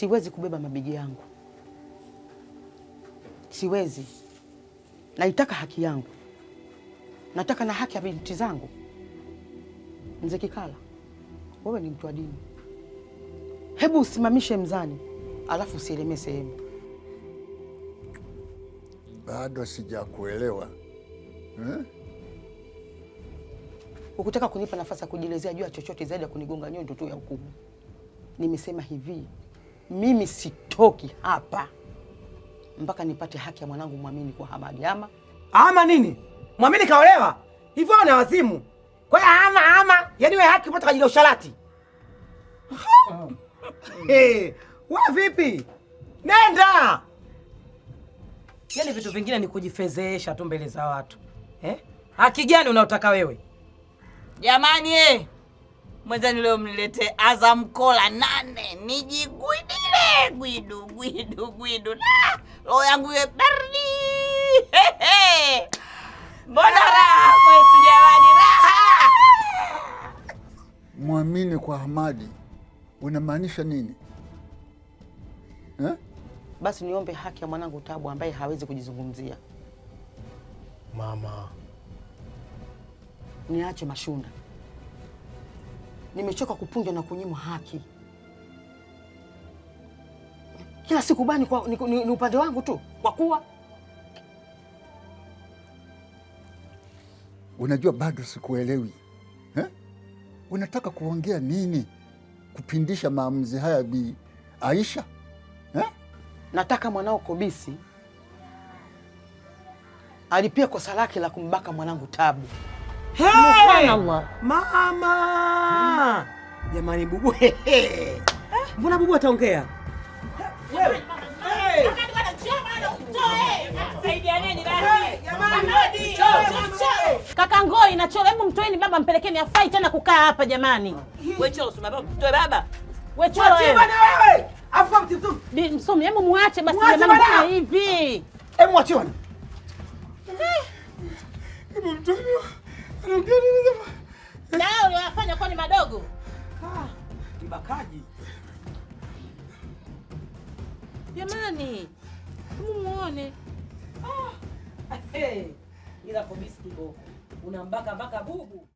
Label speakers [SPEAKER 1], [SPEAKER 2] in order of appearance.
[SPEAKER 1] siwezi kubeba mabegi yangu, siwezi. Naitaka haki yangu, nataka na haki ya binti zangu. Mzee Kikala, wewe ni mtu wa dini, hebu usimamishe mzani, alafu usielemee sehemu.
[SPEAKER 2] Bado sijakuelewa hmm?
[SPEAKER 1] Ukutaka kunipa nafasi ya kujielezea juu ya chochote zaidi ya kunigonga nyundo tu ya hukumu, nimesema hivi mimi sitoki hapa mpaka nipate haki ya mwanangu Mwamini kwa Hamadi. Ama
[SPEAKER 3] ama nini? Mwamini kaolewa hivyo na wazimu. Kwa hiyo ama ama, yani wewe haki upata kwa ajili ya usharati? Hey, wewe vipi? Nenda.
[SPEAKER 1] yani vitu vingine ni kujifezeesha tu mbele za watu eh? Haki gani unaotaka wewe
[SPEAKER 4] jamani? Eh, mwenzani leo mniletee Azam Kola nane nijikwidi Hey, Gwidu Gwidu Gwidu, roho yangu iwe baridi. Mbona raha kwetu jamani, raha.
[SPEAKER 2] Mwamini kwa Hamadi unamaanisha nini
[SPEAKER 1] eh? Basi niombe haki ya mwanangu Tabu ambaye hawezi kujizungumzia. Mama, niache Mashunda, nimechoka kupunjwa na kunyimwa haki kila siku bani kwa, ni, ni, ni upande wangu tu kwa kuwa
[SPEAKER 2] unajua bado sikuelewi eh? Unataka kuongea nini kupindisha maamuzi haya Bi Aisha eh?
[SPEAKER 1] Nataka mwanao Kobisi alipia kosa lake la kumbaka mwanangu Tabu.
[SPEAKER 5] Hey! Mama
[SPEAKER 4] jamani, bubu eh?
[SPEAKER 5] mbona bubu ataongea
[SPEAKER 6] Kaka Ngoi na Cholo, hebu mtoeni baba, mpelekeni afai tena kukaa hapa jamani. Wewe Cholo, mtoe baba. Msomi, hebu muache basi jamani hivi.
[SPEAKER 7] Hebu muache bwana. Eh. Hebu mtoeni.
[SPEAKER 6] Anaongea nini madogo? Ah,
[SPEAKER 7] mbakaji.
[SPEAKER 6] Jamani, mumuone ah,
[SPEAKER 1] ila ah, hey, kiboko unambaka mpaka bubu.